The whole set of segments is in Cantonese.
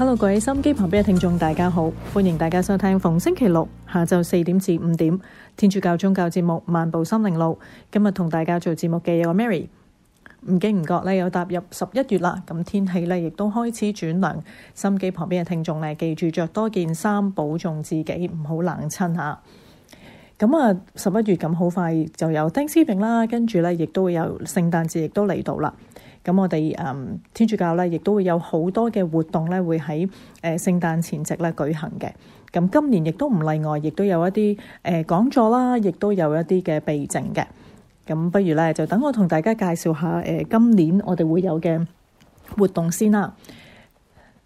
hello，各位心機旁邊嘅聽眾大家好，歡迎大家收聽逢星期六下晝四點至五點天主教宗教節目《漫步心靈路》。今日同大家做節目嘅有個 Mary，唔經唔覺咧，有踏入十一月啦。咁天氣咧亦都開始轉涼，心機旁邊嘅聽眾咧，記住着多件衫，保重自己，唔好冷親吓。咁啊，十一月咁好快就有 Thanksgiving 啦，跟住咧亦都會有聖誕節，亦都嚟到啦。咁我哋天主教咧，亦都會有好多嘅活動咧，會喺誒、呃、聖誕前夕咧舉行嘅。咁今年亦都唔例外，亦都有一啲誒講座啦，亦都有一啲嘅避靜嘅。咁不如咧，就等我同大家介紹下誒、呃、今年我哋會有嘅活動先啦。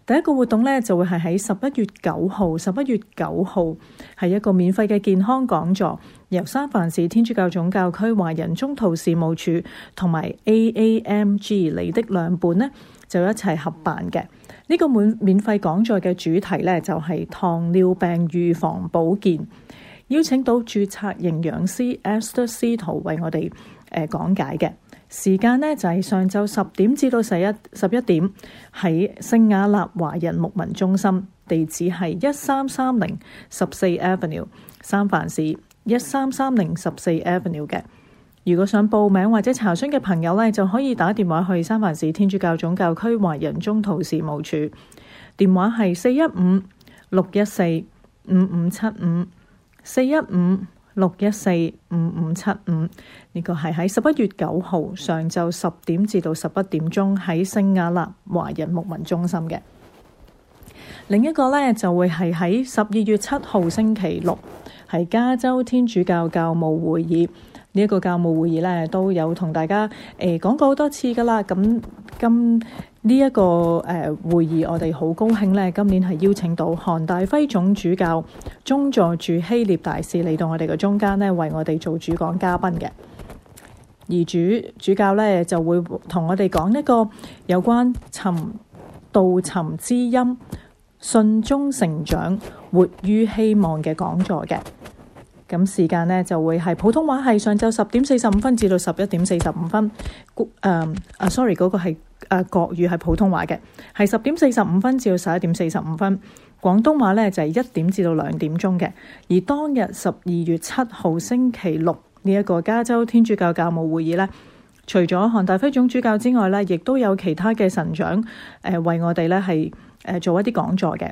第一個活動呢，就會係喺十一月九號。十一月九號係一個免費嘅健康講座，由三藩市天主教總教區華人中途事務處同埋 AAMG 嚟的兩本呢，就一齊合辦嘅。呢、這個免免費講座嘅主題呢，就係、是、糖尿病預防保健，邀請到註冊營養師 Esther 司徒為我哋誒、呃、講解嘅。時間呢就係、是、上晝十點至到十一十一點，喺聖亞納華人牧民中心，地址係一三三零十四 Avenue 三藩市，一三三零十四 Avenue 嘅。如果想報名或者查詢嘅朋友呢，就可以打電話去三藩市天主教總教區華人宗徒事務處，電話係四一五六一四五五七五四一五六一四五五七五，呢個係喺十一月九號上晝十點至到十一點鐘喺聖亞納華人牧民中心嘅。另一個呢，就會係喺十二月七號星期六係加州天主教教務會議。呢一個教務會議咧，都有同大家誒講過好多次㗎喇。咁今呢一、這個誒、呃、會議，我哋好高興呢，今年係邀請到韓大輝總主教，宗座駐希臘大使嚟到我哋嘅中間呢，為我哋做主講嘉賓嘅。而主主教呢就會同我哋講一個有關尋道尋知音、信中成長、活於希望嘅講座嘅。咁時間呢，就會係普通話，係上晝十點四十五分至到十一點四十五分，誒、嗯、啊，sorry 嗰個係誒、啊、國語係普通話嘅，係十點四十五分至到十一點四十五分。廣東話呢，就係、是、一點至到兩點鐘嘅。而當日十二月七號星期六呢，一、這個加州天主教教教務會議呢，除咗韓大輝總主教之外呢，亦都有其他嘅神長誒、呃、為我哋呢係誒、呃、做一啲講座嘅。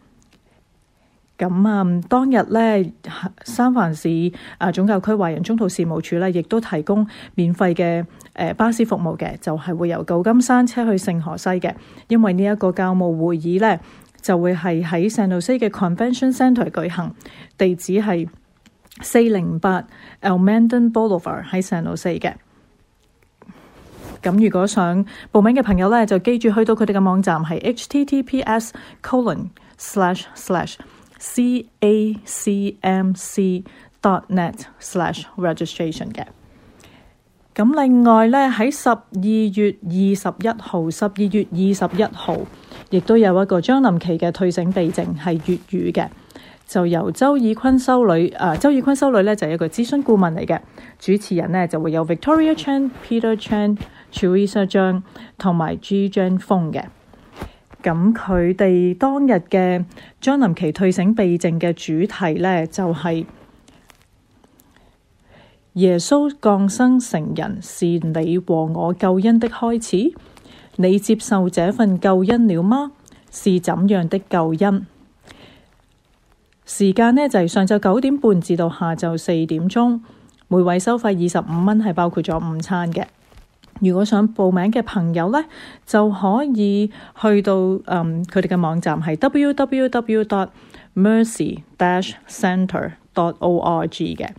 咁啊，當日咧，三藩市啊總教區華人中途事務處咧，亦都提供免費嘅誒巴士服務嘅，就係會由舊金山車去聖河西嘅。因為呢一個教務會議咧，就會係喺 San Jose 嘅 Convention Centre 舉行，地址係四零八 Almaden Boulevard 喺 San Jose 嘅。咁如果想報名嘅朋友咧，就記住去到佢哋嘅網站係 https colon slash slash c a c m c dot net slash registration 嘅。咁另外咧喺十二月二十一號，十二月二十一號，亦都有一個將臨期嘅退省避靜係粵語嘅，就由周以坤修女，誒、呃，周以坤修女咧就係一個諮詢顧問嚟嘅，主持人咧就會有 Victoria Chan、Peter Chan、Teresa 張同埋 G Jane Fong 嘅。咁佢哋當日嘅將臨期退省避靜嘅主題呢，就係、是、耶穌降生成人，是你和我救恩的開始。你接受這份救恩了嗎？是怎樣的救恩？時間呢，就係、是、上晝九點半至到下晝四點鐘，每位收費二十五蚊，係包括咗午餐嘅。如果想報名嘅朋友呢，就可以去到嗯佢哋嘅網站係 www dot mercy dash center dot org 嘅，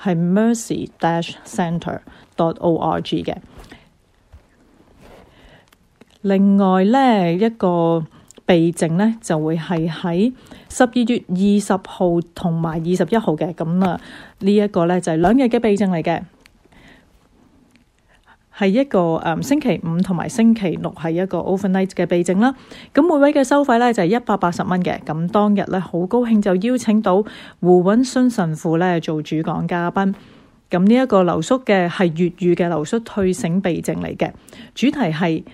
係 mercy dash center dot org 嘅。另外呢，一個備證呢，就會係喺十二月二十號同埋二十一號嘅，咁啊呢一個呢，就係兩日嘅備證嚟嘅。係一個、嗯、星期五同埋星期六係一個 Overnight 嘅避靜啦。咁每位嘅收費呢，就係一百八十蚊嘅。咁當日呢，好高興就邀請到胡允詢神父呢做主講嘉賓。咁呢一個留宿嘅係粵語嘅留宿退省避靜嚟嘅，主題係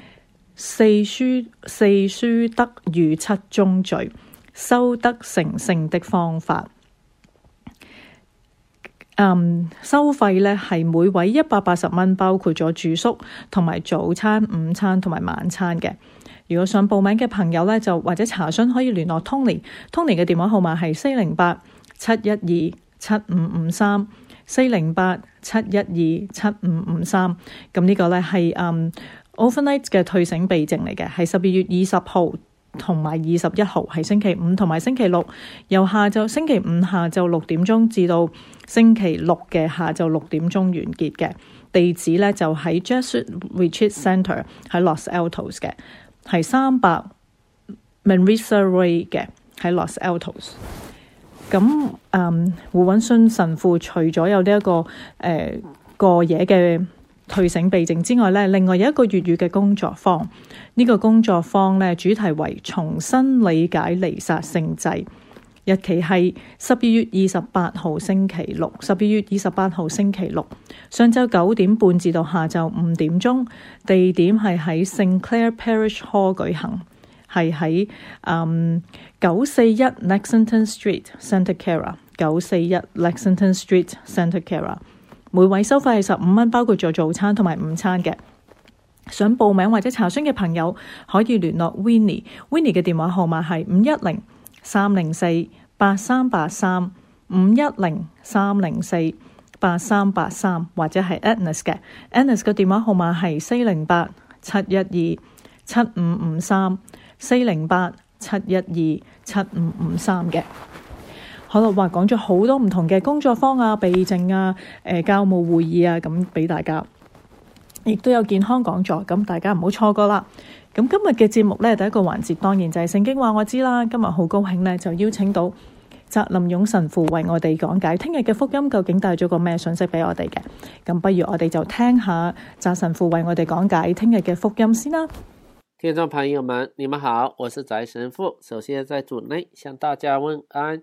四書、四書得與七宗罪、修德成聖的方法。嗯，um, 收費呢係每位一百八十蚊，包括咗住宿同埋早餐、午餐同埋晚餐嘅。如果想報名嘅朋友呢，就或者查詢可以聯絡 Tony，Tony 嘅電話號碼係四零八七一二七五五三四零八七一二七五五三。咁呢個呢，係、um, 嗯 Overnight 嘅退省備證嚟嘅，係十二月二十號，同埋二十一號係星期五同埋星期六，由下晝星期五下晝六點鐘至到星期六嘅下晝六點鐘完結嘅。地址咧，就喺 Jesuit Retreat Center 喺 Los Altos 嘅，係三百 Marissa Ray 嘅喺 Los Altos。咁 Alt 嗯，胡允信神父除咗有呢、這、一個誒、呃、過夜嘅。退省避靜之外咧，另外有一個粵語嘅工作坊。呢、這個工作坊咧，主題為重新理解彌撒聖祭。日期係十二月二十八號星期六，十二月二十八號星期六上晝九點半至到下晝五點鐘。地點係喺 Saint Clare Parish Hall 舉行，係喺九四、um, 一 Lexington Street, Santa Clara 九四一 Lexington Street, Santa Clara。每位收費係十五蚊，包括做早餐同埋午餐嘅。想報名或者查詢嘅朋友可以聯絡 Winnie，Winnie 嘅電話號碼係五一零三零四八三八三五一零三零四八三八三，或者係 Annis 嘅，Annis 嘅電話號碼係四零八七一二七五五三四零八七一二七五五三嘅。可能話講咗好多唔同嘅工作坊啊、避靜啊、誒、呃、教務會議啊，咁俾大家，亦都有健康講座，咁大家唔好錯過啦。咁今日嘅節目呢，第一個環節當然就係聖經話我知啦。今日好高興呢，就邀請到翟林勇神父為我哋講解聽日嘅福音究竟帶咗個咩信息俾我哋嘅。咁不如我哋就聽下翟神父為我哋講解聽日嘅福音先啦。聽眾朋友們，你們好，我是翟神父。首先在主內向大家問安。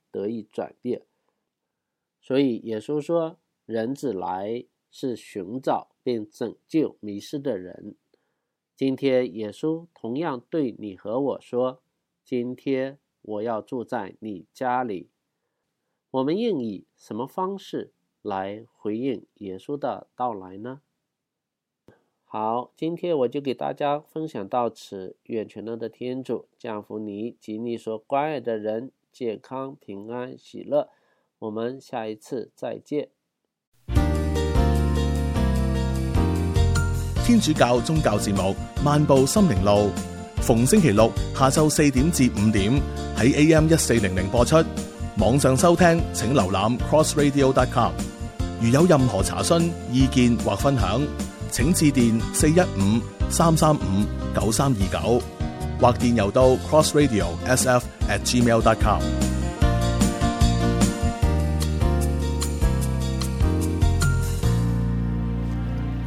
得以轉變，所以耶穌說：人子來是尋找並拯救迷失的人。今天耶穌同樣對你和我說：今天我要住在你家裏。我們應以什麼方式來回應耶穌的到來呢？好，今天我就給大家分享到此。願全能的天主降福你及你所關愛的人。健康平安喜樂，我們下一次再見。天主教宗教節目《漫步心靈路》，逢星期六下晝四點至五點喺 AM 一四零零播出。網上收聽，請瀏覽，請瀏覽 crossradio.com。如有任何查詢、意見或分享，請致電四一五三三五九三二九。或電郵到 crossradio.sf@gmail.com。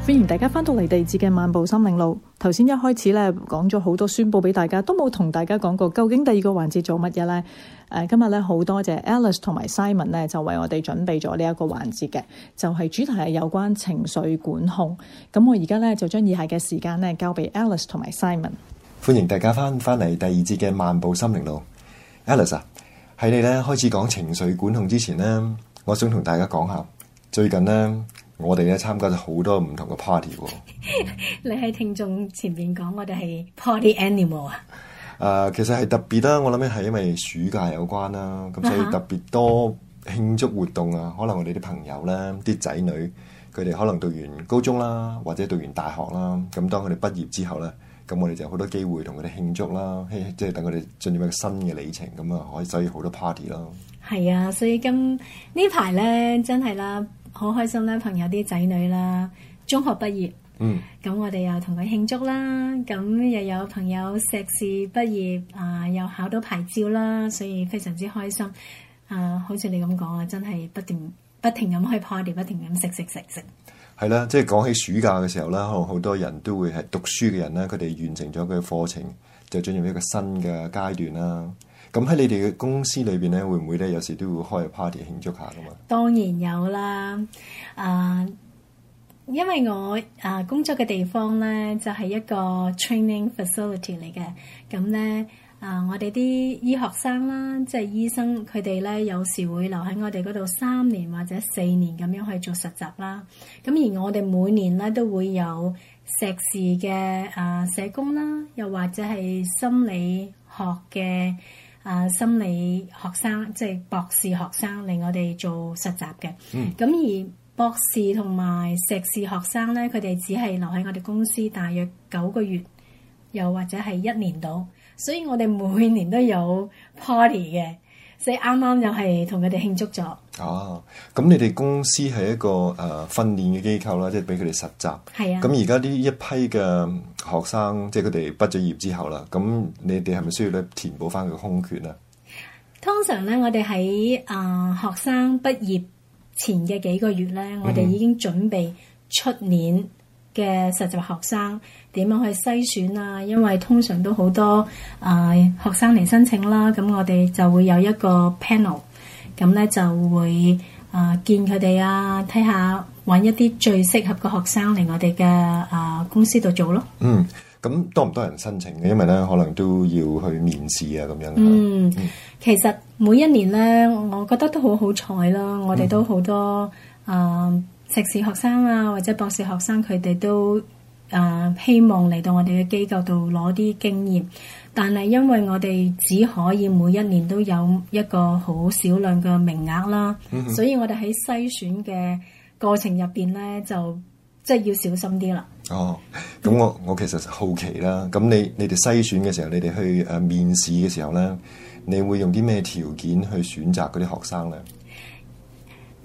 歡迎大家翻到嚟地址嘅漫步心靈路。頭先一開始咧講咗好多宣布俾大家，都冇同大家講過究竟第二個環節做乜嘢咧。誒，今日咧好多謝 Alice 同埋 Simon 咧，就為我哋準備咗呢一個環節嘅，就係主題係有關情緒管控。咁我而家咧就將以下嘅時間咧交俾 Alice 同埋 Simon。歡迎大家翻翻嚟第二節嘅《漫步心靈路》。Alice 啊、喺、你呢開始講情緒管控之前呢，我想同大家講下，最近呢，我哋呢參加咗好多唔同嘅 party、啊。 你喺聽眾前面講，我哋係 party animal 啊。誒、呃，其實係特別啦，我諗呢係因為暑假有關啦，咁所以特別多慶祝活動啊。Uh huh. 可能我哋啲朋友咧，啲仔女佢哋可能讀完高中啦，或者讀完大學啦，咁當佢哋畢業之後呢。咁我哋就有好多機會同佢哋慶祝啦，即係等佢哋進入一個新嘅里程，咁啊可以所以好多 party 咯。係啊，所以今呢排咧真係啦，好開心啦，朋友啲仔女啦，中學畢業，嗯，咁我哋又同佢慶祝啦，咁又有朋友碩士畢業啊、呃，又考到牌照啦，所以非常之開心。啊、呃，好似你咁講啊，真係不斷不停咁去 party，不停咁食食食食。係啦，即係講起暑假嘅時候啦，可能好多人都會係讀書嘅人咧，佢哋完成咗佢嘅課程，就進入一個新嘅階段啦。咁喺你哋嘅公司裏邊咧，會唔會咧有時都會開個 party 慶祝下噶嘛？當然有啦，啊，因為我啊工作嘅地方咧就係一個 training facility 嚟嘅，咁咧。啊！Uh，我哋啲醫學生啦，即係醫生，佢哋咧有時會留喺我哋嗰度三年或者四年咁樣去做實習啦。咁而我哋每年咧都會有碩士嘅啊、呃、社工啦，又或者係心理學嘅啊、呃、心理學生，即係博士學生嚟我哋做實習嘅。嗯。咁而博士同埋碩士學生咧，佢哋只係留喺我哋公司大約九個月，又或者係一年到。所以我哋每年都有 party 嘅，所以啱啱又係同佢哋慶祝咗。哦、啊，咁你哋公司係一個誒訓練嘅機構啦，即係俾佢哋實習。係啊。咁而家呢一批嘅學生，即係佢哋畢咗業之後啦，咁你哋係咪需要咧填補翻佢個空缺啊？通常咧，我哋喺誒學生畢業前嘅幾個月咧，嗯嗯我哋已經準備出年。嘅實習學生點樣去篩選啊？因為通常都好多啊、呃、學生嚟申請啦，咁我哋就會有一個 panel，咁咧就會啊、呃、見佢哋啊，睇下揾一啲最適合嘅學生嚟我哋嘅啊公司度做咯。嗯，咁多唔多人申請嘅？因為咧可能都要去面試啊咁樣。嗯，嗯其實每一年咧，我覺得都好好彩啦，嗯、我哋都好多啊。呃碩士學生啊，或者博士學生，佢哋都啊希望嚟到我哋嘅機構度攞啲經驗，但係因為我哋只可以每一年都有一個好少量嘅名額啦，嗯、哼所以我哋喺篩選嘅過程入邊咧，就即係、就是、要小心啲啦。哦，咁我我其實好奇啦，咁你你哋篩選嘅時候，你哋去誒、呃、面試嘅時候咧，你會用啲咩條件去選擇嗰啲學生咧？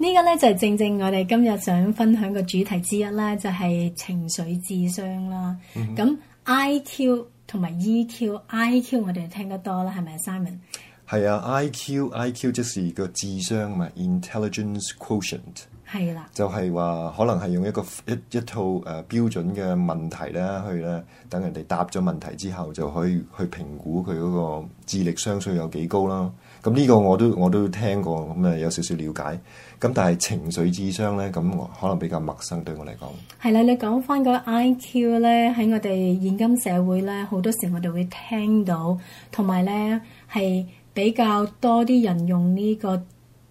個呢個咧就係、是、正正我哋今日想分享個主題之一啦，就係、是、情緒智商啦。咁、嗯、哼 I Q 同埋 E Q，I Q、IQ、我哋聽得多啦，係咪 Simon？係啊，I Q I Q 即係一個智商嘛，intelligence quotient 係啦。就係話可能係用一個一一套誒標準嘅問題咧去咧，等人哋答咗問題之後，就可以去評估佢嗰個智力商數有幾高啦。咁呢個我都我都聽過，咁誒有少少了解。咁但係情緒智商咧，咁我可能比較陌生對我嚟講。係啦，你講返個 IQ 咧，喺我哋現今社會咧，好多時我哋會聽到，同埋咧係比較多啲人用呢個。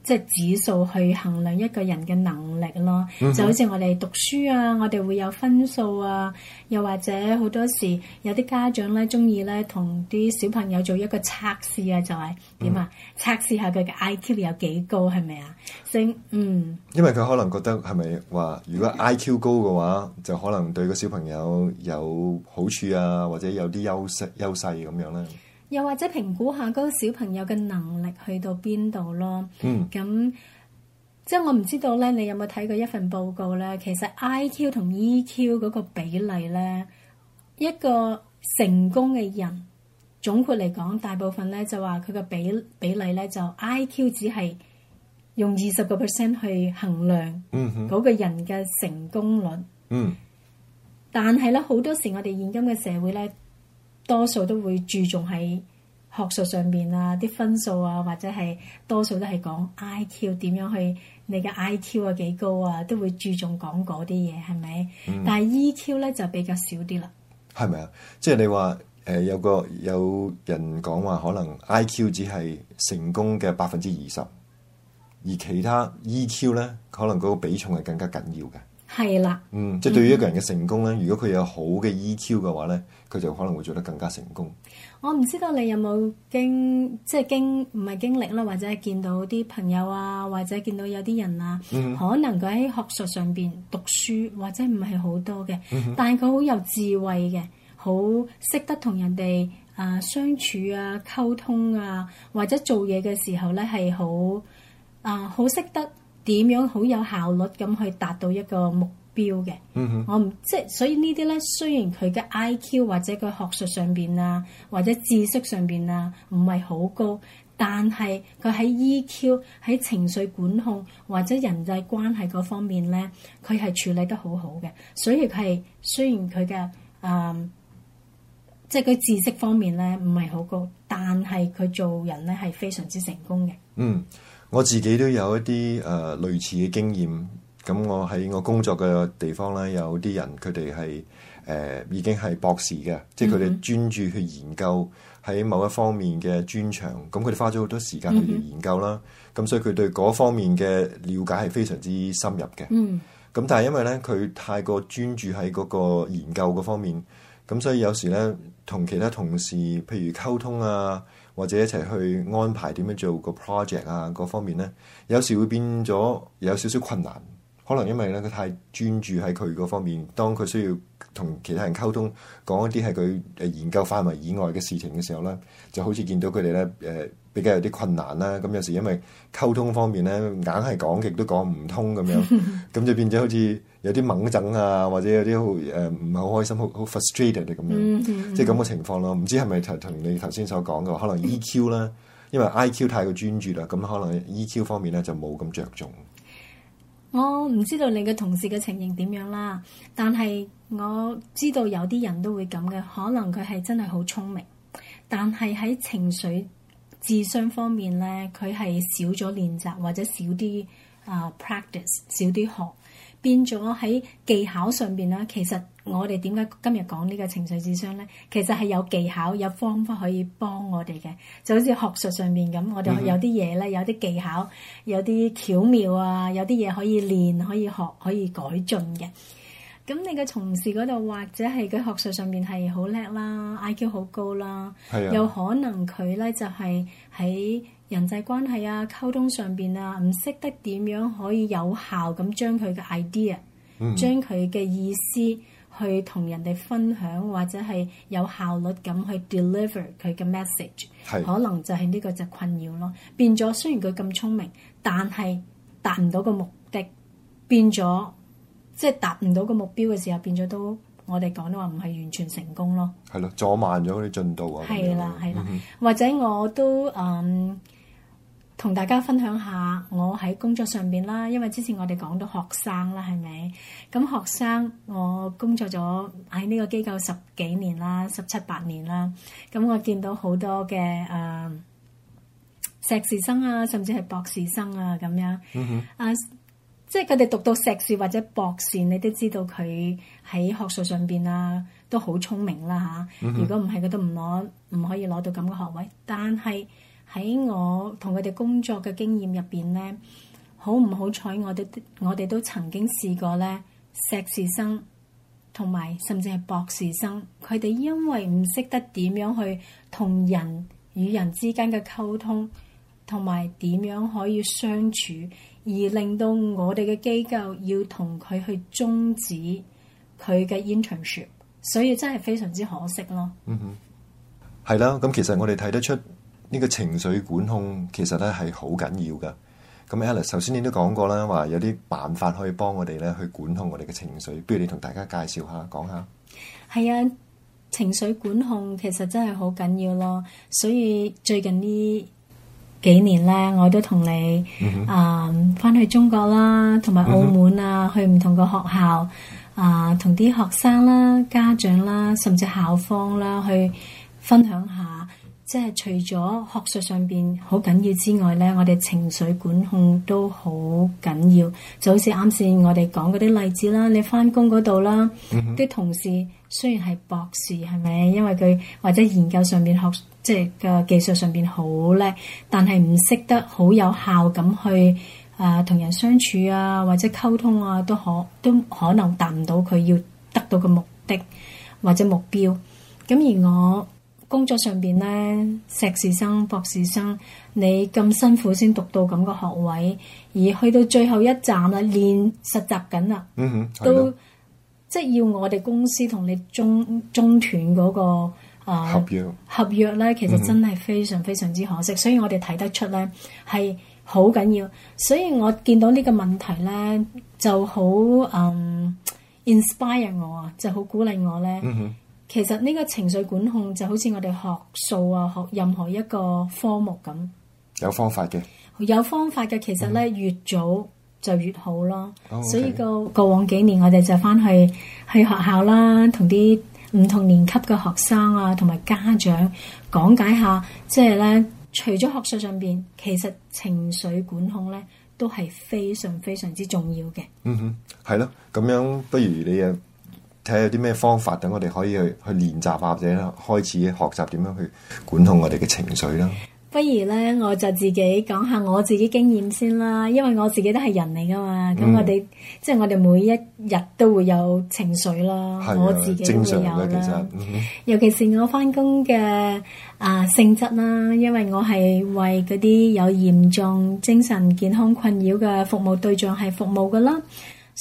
即係指數去衡量一個人嘅能力咯，mm hmm. 就好似我哋讀書啊，我哋會有分數啊，又或者好多時有啲家長咧，中意咧同啲小朋友做一個測試啊，就係、是、點啊？Mm hmm. 測試下佢嘅 IQ 有幾高，係咪啊？所以嗯，因為佢可能覺得係咪話，如果 IQ 高嘅話，就可能對個小朋友有好處啊，或者有啲優勢優勢咁樣咧。又或者評估下嗰個小朋友嘅能力去到邊度咯？咁、嗯、即係我唔知道咧，你有冇睇過一份報告咧？其實 IQ 同 EQ 嗰個比例咧，一個成功嘅人總括嚟講，大部分咧就話佢嘅比比例咧就 IQ 只係用二十個 percent 去衡量嗰個人嘅成功率。嗯，嗯，但係咧好多時我哋現今嘅社會咧。多數都會注重喺學術上面啊，啲分數啊，或者係多數都係講 I.Q. 點樣去，你嘅 I.Q. 啊幾高啊，都會注重講嗰啲嘢，係咪？嗯、但係 E.Q. 咧就比較少啲啦。係咪啊？即係你話誒、呃，有個有人講話，可能 I.Q. 只係成功嘅百分之二十，而其他 E.Q. 咧，可能嗰個比重係更加緊要嘅。係啦了，嗯，即係對於一個人嘅成功咧，嗯、如果佢有好嘅 E.Q. 嘅話咧。佢就可能會做得更加成功。我唔知道你有冇經即係經唔係經歷啦，或者見到啲朋友啊，或者見到有啲人啊，嗯、哼可能佢喺學術上邊讀書或者唔係好多嘅，但係佢好有智慧嘅，好識、嗯、哼得同人哋啊、呃、相處啊溝通啊，或者做嘢嘅時候咧係好啊好識得點樣好有效率咁去達到一個目標嘅、嗯哼，我唔即係，所以呢啲咧，雖然佢嘅 I.Q. 或者佢學術上邊啊，或者知識上邊啊，唔係好高，但係佢喺 E.Q. 喺情緒管控或者人際關係嗰方面咧，佢係處理得好好嘅。所以佢係雖然佢嘅誒，即係佢知識方面咧唔係好高，但係佢做人咧係非常之成功嘅。嗯，我自己都有一啲誒、呃、類似嘅經驗。咁我喺我工作嘅地方咧，有啲人佢哋係誒已經係博士嘅，即係佢哋專注去研究喺某一方面嘅專長，咁佢哋花咗好多時間去研究啦。咁、mm hmm. 所以佢對嗰方面嘅了解係非常之深入嘅。嗯、mm。咁、hmm. 但係因為咧，佢太過專注喺嗰個研究嗰方面，咁所以有時咧同其他同事譬如溝通啊，或者一齊去安排點樣做個 project 啊，各方面咧，有時會變咗有少少困難。可能因為咧佢太專注喺佢嗰方面，當佢需要同其他人溝通，講一啲係佢誒研究範圍以外嘅事情嘅時候咧，就好似見到佢哋咧誒比較有啲困難啦。咁有時因為溝通方面咧，硬係講極都講唔通咁樣，咁就變咗好似有啲猛整啊，或者有啲好誒唔係好開心，好好 frustrated 咁樣，即係咁嘅情況咯。唔知係咪同同你頭先所講嘅話，可能 EQ 啦，因為 IQ 太過專注啦，咁可能 EQ 方面咧就冇咁着重。我唔知道你嘅同事嘅情形點樣啦，但係我知道有啲人都會咁嘅，可能佢係真係好聰明，但係喺情緒智商方面咧，佢係少咗練習或者少啲啊、uh, practice 少啲學。變咗喺技巧上邊啦。其實我哋點解今日講呢個情緒智商咧？其實係有技巧、有方法可以幫我哋嘅，就好似學術上面咁，我哋有啲嘢咧，有啲技巧，有啲巧妙啊，有啲嘢可以練、可以學、可以改進嘅。咁你嘅從事嗰度或者係佢學術上面係好叻啦，IQ 好高啦，的有可能佢咧就係喺人際關係啊、溝通上邊啊，唔識得點樣可以有效咁將佢嘅 idea，將佢嘅意思去同人哋分享，或者係有效率咁去 deliver 佢嘅 message，是可能就係呢個就困擾咯。變咗雖然佢咁聰明，但係達唔到個目的，變咗即係達唔到個目標嘅時候，變咗都我哋講嘅話唔係完全成功咯。係咯，阻慢咗嗰啲進度啊。係啦，係啦、嗯，或者我都嗯。同大家分享下我喺工作上邊啦，因為之前我哋講到學生啦，係咪？咁學生，我工作咗喺呢個機構十幾年啦，十七八年啦。咁我見到好多嘅誒碩士生啊，甚至係博士生啊咁樣、嗯、哼啊，即係佢哋讀到碩士或者博士，你都知道佢喺學術上邊啊都好聰明啦吓，啊嗯、哼如果唔係，佢都唔攞唔可以攞到咁嘅學位。但係。喺我同佢哋工作嘅經驗入邊咧，好唔好彩？我哋我哋都曾經試過咧，碩士生同埋甚至係博士生，佢哋因為唔識得點樣去同人與人之間嘅溝通，同埋點樣可以相處，而令到我哋嘅機構要同佢去終止佢嘅 internship，所以真係非常之可惜咯。嗯哼，係啦，咁其實我哋睇得出。呢個情緒管控其實咧係好緊要嘅。咁 a 嚟，e 首先你都講過啦，話有啲辦法可以幫我哋咧去管控我哋嘅情緒。不如你同大家介紹下，講下。係啊，情緒管控其實真係好緊要咯。所以最近呢幾年咧，我都同你啊翻、mm hmm. 呃、去中國啦，同埋澳門啊，mm hmm. 去唔同嘅學校啊，同、呃、啲學生啦、家長啦，甚至校方啦，去分享下。即係除咗學術上邊好緊要之外咧，我哋情緒管控都好緊要。就好似啱先我哋講嗰啲例子啦，你翻工嗰度啦，啲、嗯、哼同事雖然係博士係咪？因為佢或者研究上邊學即係嘅技術上邊好叻，但係唔識得好有效咁去啊同、呃、人相處啊，或者溝通啊，都可都可能達唔到佢要得到嘅目的或者目標。咁而我工作上邊呢，碩士生、博士生，你咁辛苦先讀到咁個學位，而去到最後一站啦，練實習緊啦，嗯、哼都的即係要我哋公司同你中中斷嗰個啊、呃、合約合約咧，其實真係非常非常之可惜，嗯、哼所以我哋睇得出呢係好緊要，所以我見到呢個問題呢，就好嗯、um, inspire 我啊，就好鼓勵我呢。嗯其實呢個情緒管控，就好似我哋學數啊，學任何一個科目咁，有方法嘅，有方法嘅。其實咧、mm hmm. 越早就越好咯，oh, okay. 所以個過往幾年我哋就翻去去學校啦，同啲唔同年級嘅學生啊，同埋家長講解下，即係咧除咗學術上邊，其實情緒管控咧都係非常非常之重要嘅。嗯哼、mm，係咯，咁樣不如你啊。睇下有啲咩方法等我哋可以去去練習或者開始學習點樣去管控我哋嘅情緒啦。不如咧，我就自己講下我自己經驗先啦。因為我自己都係人嚟噶嘛，咁、嗯、我哋即係我哋每一日都會有情緒咯。啊、我自己都會有常其實、嗯、尤其是我翻工嘅啊性質啦，因為我係為嗰啲有嚴重精神健康困擾嘅服務對象係服務噶啦。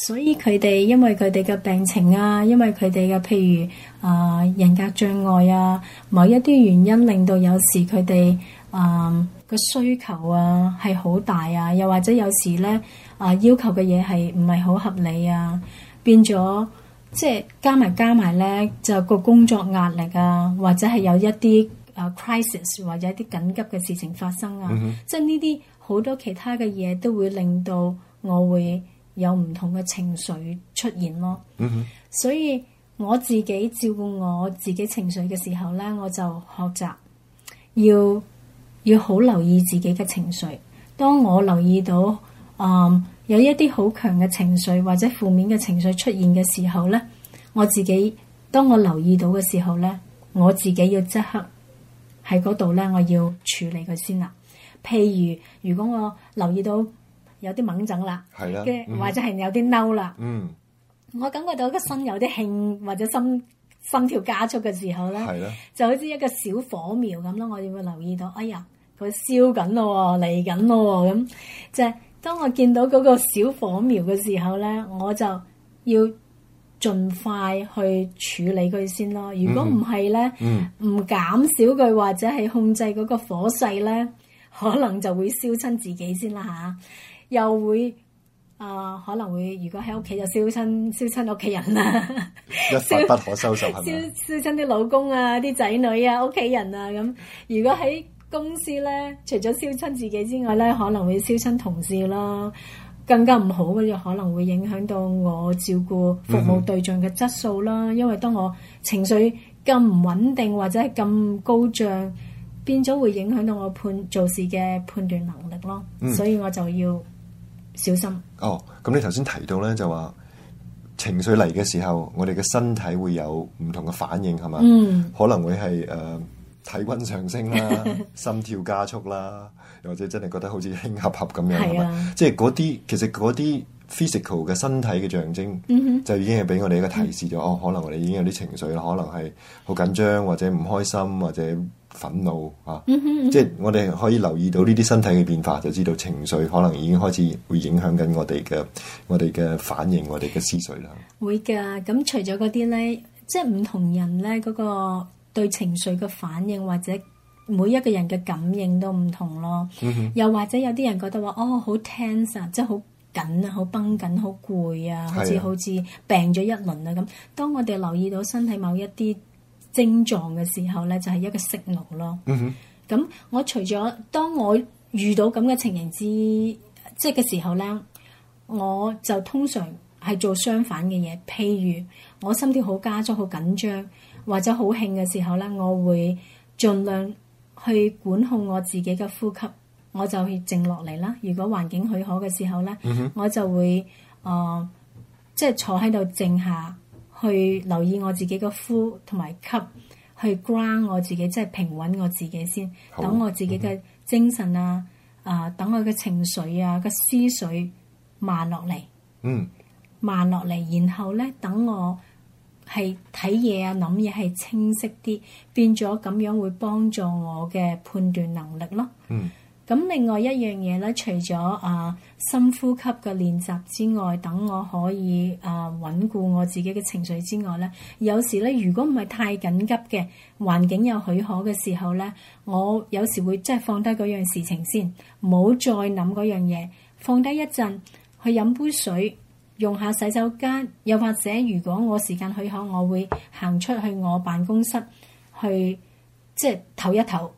所以佢哋因為佢哋嘅病情啊，因為佢哋嘅譬如啊、呃、人格障礙啊，某一啲原因令到有時佢哋啊個需求啊係好大啊，又或者有時咧啊、呃、要求嘅嘢係唔係好合理啊，變咗即係加埋加埋咧就個工作壓力啊，或者係有一啲啊 crisis 或者一啲緊急嘅事情發生啊，mm hmm. 即係呢啲好多其他嘅嘢都會令到我會。有唔同嘅情緒出現咯，mm hmm. 所以我自己照顧我自己情緒嘅時候呢，我就學習要要好留意自己嘅情緒。當我留意到啊、呃、有一啲好強嘅情緒或者負面嘅情緒出現嘅時候呢，我自己當我留意到嘅時候呢，我自己要即刻喺嗰度呢，我要處理佢先啦。譬如如果我留意到。有啲掹整啦，的或者係有啲嬲啦。嗯、我感覺到個心有啲興、嗯、或者心心跳加速嘅時候咧，的就好似一個小火苗咁咯。我會留意到，哎呀，佢燒緊咯喎，嚟緊咯喎咁。即係當我見到嗰個小火苗嘅時候咧，我就要盡快去處理佢先咯。嗯、如果唔係咧，唔、嗯、減少佢或者係控制嗰個火勢咧，可能就會燒親自己先啦嚇。又會啊、呃，可能會如果喺屋企就燒親燒親屋企人啦、啊，一發不可收拾係嘛？燒親啲老公啊、啲仔女啊、屋企人啊咁。如果喺公司呢，除咗燒親自己之外呢，可能會燒親同事咯，更加唔好嘅就可能會影響到我照顧服務對象嘅質素啦。Mm hmm. 因為當我情緒咁唔穩定或者係咁高漲，變咗會影響到我判做事嘅判斷能力咯。Mm hmm. 所以我就要。小心哦！咁你頭先提到咧，就話情緒嚟嘅時候，我哋嘅身體會有唔同嘅反應，係嘛？嗯，可能會係誒、呃，體溫上升啦， 心跳加速啦，又或者真係覺得好似輕合合咁樣，係啊，即係嗰啲，其實嗰啲。Physical 嘅身體嘅象徵，就已經係俾我哋一個提示咗。哦，可能我哋已經有啲情緒啦，可能係好緊張或者唔開心或者憤怒啊，即係我哋可以留意到呢啲身體嘅變化，就知道情緒可能已經開始會影響緊我哋嘅我哋嘅反應，我哋嘅思緒啦。會㗎，咁除咗嗰啲咧，即係唔同人咧，嗰個對情緒嘅反應或者每一個人嘅感應都唔同咯。又或者有啲人覺得話，哦，好 tense 啊，即係好，緊啊，好繃緊，好攰啊，好似好似病咗一輪啊咁。當我哋留意到身體某一啲症狀嘅時候咧，就係、是、一個信號咯。咁、嗯、哼我除咗當我遇到咁嘅情形之即係嘅時候咧，我就通常係做相反嘅嘢。譬如我心跳好加速、好緊張或者好㷫嘅時候咧，我會盡量去管控我自己嘅呼吸。我就靜落嚟啦。如果環境許可嘅時候咧，mm hmm. 我就會誒，即、呃、係、就是、坐喺度靜下去，留意我自己嘅呼同埋吸，去 ground 我自己，即、就、係、是、平穩我自己先。等、oh. 我自己嘅精神啊，mm hmm. 呃、情緒啊，等我嘅情緒啊，嘅思緒慢落嚟，嗯，慢落嚟。然後咧，等我係睇嘢啊，諗嘢係清晰啲，變咗咁樣會幫助我嘅判斷能力咯。嗯、mm。Hmm. 咁另外一樣嘢咧，除咗啊深呼吸嘅練習之外，等我可以啊穩固我自己嘅情緒之外咧，有時咧如果唔係太緊急嘅環境有許可嘅時候咧，我有時會即係放低嗰樣事情先，冇再諗嗰樣嘢，放低一陣去飲杯水，用下洗手間，又或者如果我時間許可，我會行出去我辦公室去即係唞一唞。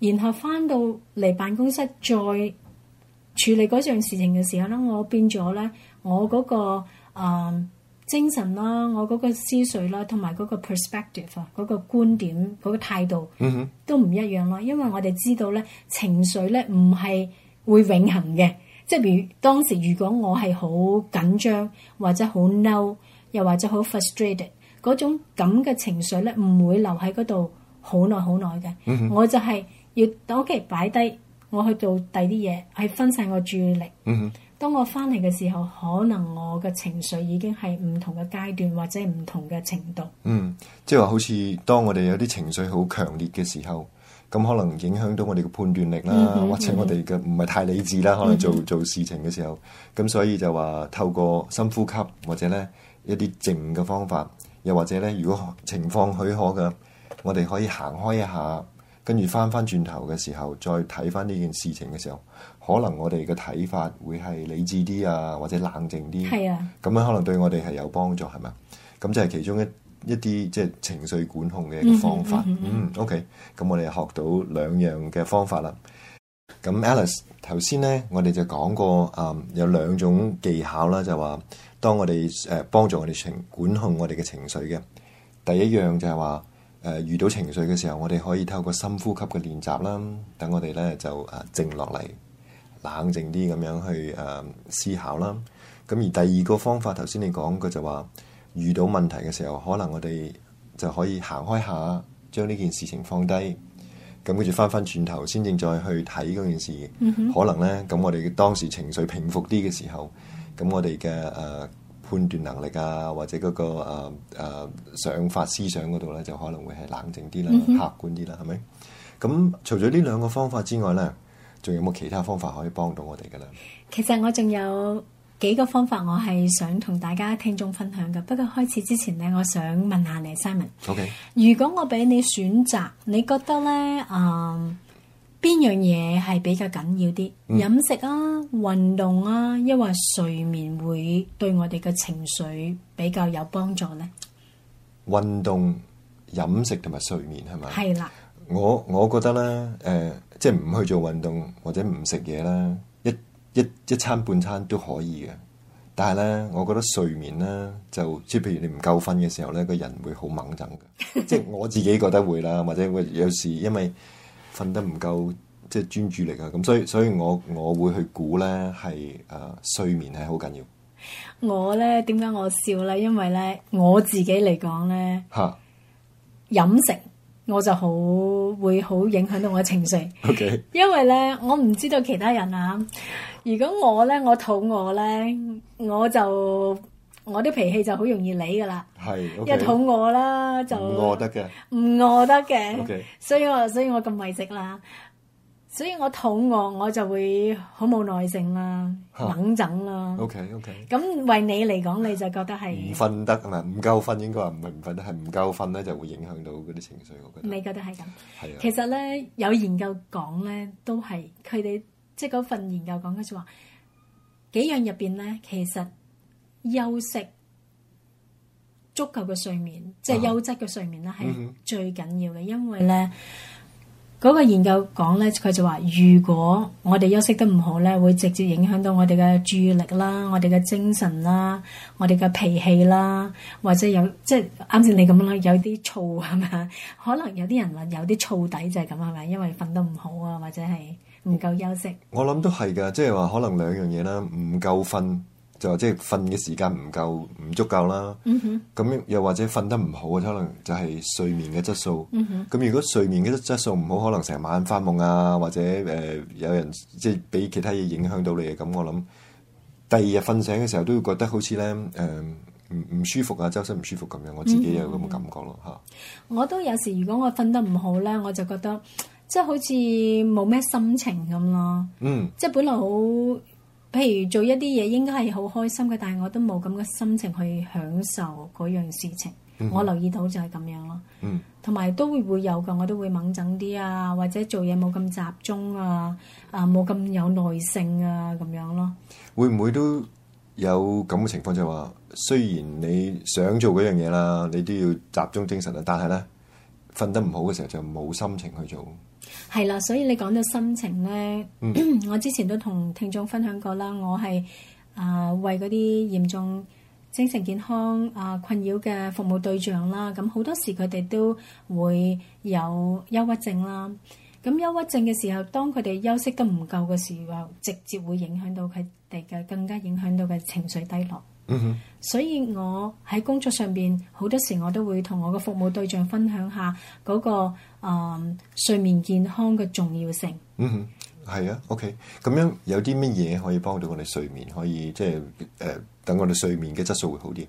然後翻到嚟辦公室再處理嗰樣事情嘅時候咧，我變咗咧，我嗰、嗰個、呃、精神啦，我嗰個思緒啦，同埋嗰個 perspective 嗰個觀點嗰、嗰個態度、mm hmm. 都唔一樣啦。因為我哋知道咧，情緒咧唔係會永恆嘅，即係如當時如果我係好緊張或者好嬲，又或者好 frustrated 嗰種咁嘅情緒咧，唔會留喺嗰度好耐好耐嘅。Mm hmm. 我就係、係。要 OK 擺低，我去做第啲嘢，係分散我注意力。嗯、哼當我翻嚟嘅時候，可能我嘅情緒已經係唔同嘅階段，或者係唔同嘅程度。嗯，即係話好似當我哋有啲情緒好強烈嘅時候，咁可能影響到我哋嘅判斷力啦，嗯、哼或者我哋嘅唔係太理智啦，嗯、哼可能做做事情嘅時候，咁所以就話透過深呼吸或者呢一啲靜嘅方法，又或者呢如果情況許可嘅，我哋可以行開一下。跟住翻翻轉頭嘅時候，再睇翻呢件事情嘅時候，可能我哋嘅睇法會係理智啲啊，或者冷靜啲。係啊。咁樣可能對我哋係有幫助，係咪啊？咁就係其中一一啲即係情緒管控嘅方法。嗯，嗯，嗯，OK。咁我哋學到兩樣嘅方法啦。咁 Alice 頭先呢，我哋就講過啊、嗯，有兩種技巧啦，就話、是、當我哋誒、呃、幫助我哋情管控我哋嘅情緒嘅第一樣就係話。呃、遇到情緒嘅時候，我哋可以透過深呼吸嘅練習啦，等我哋呢，就啊靜落嚟，冷靜啲咁樣去、呃、思考啦。咁而第二個方法，頭先你講佢就話，遇到問題嘅時候，可能我哋就可以行開下，將呢件事情放低，咁跟住翻翻轉頭先正再去睇嗰件事，mm hmm. 可能呢，咁我哋當時情緒平復啲嘅時候，咁我哋嘅誒。呃判斷能力啊，或者嗰個誒誒、呃呃、想法思想嗰度咧，就可能會係冷靜啲啦，mm hmm. 客觀啲啦，係咪？咁除咗呢兩個方法之外咧，仲有冇其他方法可以幫到我哋噶咧？其實我仲有幾個方法，我係想同大家聽眾分享噶。不過開始之前咧，我想問下你，Simon，OK？Okay. 如果我俾你選擇，你覺得咧？嗯、呃。邊樣嘢係比較緊要啲？飲食啊、運動啊，抑或睡眠會對我哋嘅情緒比較有幫助呢？運動、飲食同埋睡眠係咪？係啦，的我我覺得咧，誒、呃，即係唔去做運動或者唔食嘢啦，一一一餐半餐都可以嘅。但係咧，我覺得睡眠咧，就即係譬如你唔夠瞓嘅時候咧，個人會好猛震嘅。 即係我自己覺得會啦，或者會有時因為。瞓得唔夠即係專注力啊，咁所以所以我我會去估咧，係誒睡眠係好緊要。我咧點解我笑咧？因為咧我自己嚟講咧，哈飲食我就好會好影響到我嘅情緒。Okay. 因為咧我唔知道其他人啊。如果我咧我肚餓咧，我就。我啲脾氣就好容易理㗎啦，係因為肚餓啦就唔餓得嘅，唔餓得嘅，所以我所以我咁為食啦，所以我肚餓我就會好冇耐性啦，猛整啦。OK OK。咁為你嚟講，你就覺得係唔瞓得唔係唔夠瞓應該話唔係唔瞓得係唔夠瞓咧，就會影響到嗰啲情緒。我覺得你覺得係咁？係啊。其實咧有研究講咧都係佢哋即係嗰份研究講嗰句話，幾樣入邊咧其實。休息足夠嘅睡眠，即係優質嘅睡眠咧，係最緊要嘅。因為咧，嗰個研究講咧，佢就話，如果我哋休息得唔好咧，會直接影響到我哋嘅注意力啦，我哋嘅精神啦，我哋嘅脾氣啦，或者有即係啱先你咁啦，有啲燥，係咪？可能有啲人話有啲燥底就係咁係咪？因為瞓得唔好啊，或者係唔夠休息。我諗都係噶，即係話可能兩樣嘢啦，唔夠瞓。就即係瞓嘅時間唔夠，唔足夠啦。咁、嗯、哼又或者瞓得唔好啊？可能就係睡眠嘅質素。咁、嗯、哼如果睡眠嘅質素唔好，可能成晚發夢啊，或者誒、呃、有人即係俾其他嘢影響到你嘅。咁我諗第二日瞓醒嘅時候，都會覺得好似咧誒唔唔舒服啊，周身唔舒服咁樣。我自己有咁嘅感覺咯嚇。嗯哼嗯、我都有時，如果我瞓得唔好咧，我就覺得即係好似冇咩心情咁咯。嗯，即係本來好。譬如做一啲嘢應該係好開心嘅，但係我都冇咁嘅心情去享受嗰樣事情。嗯、哼我留意到就係咁樣咯。同埋、嗯、都會會有噶，我都會猛整啲啊，或者做嘢冇咁集中啊，啊冇咁有耐性啊咁樣咯。會唔會都有咁嘅情況？就話雖然你想做嗰樣嘢啦，你都要集中精神啊，但係咧瞓得唔好嘅時候就冇心情去做。係啦，所以你講到心情咧、嗯， 我之前都同聽眾分享過啦。我係啊、呃，為嗰啲嚴重精神健康啊、呃、困擾嘅服務對象啦，咁好多時佢哋都會有憂鬱症啦。咁憂鬱症嘅時候，當佢哋休息得唔夠嘅時候，直接會影響到佢哋嘅更加影響到嘅情緒低落。嗯哼，所以我喺工作上邊好多時我都會同我嘅服務對象分享下嗰個。啊！Um, 睡眠健康嘅重要性，嗯哼，係啊，OK，咁樣有啲乜嘢可以幫到我哋睡眠，可以即係誒、呃，等我哋睡眠嘅質素會好啲。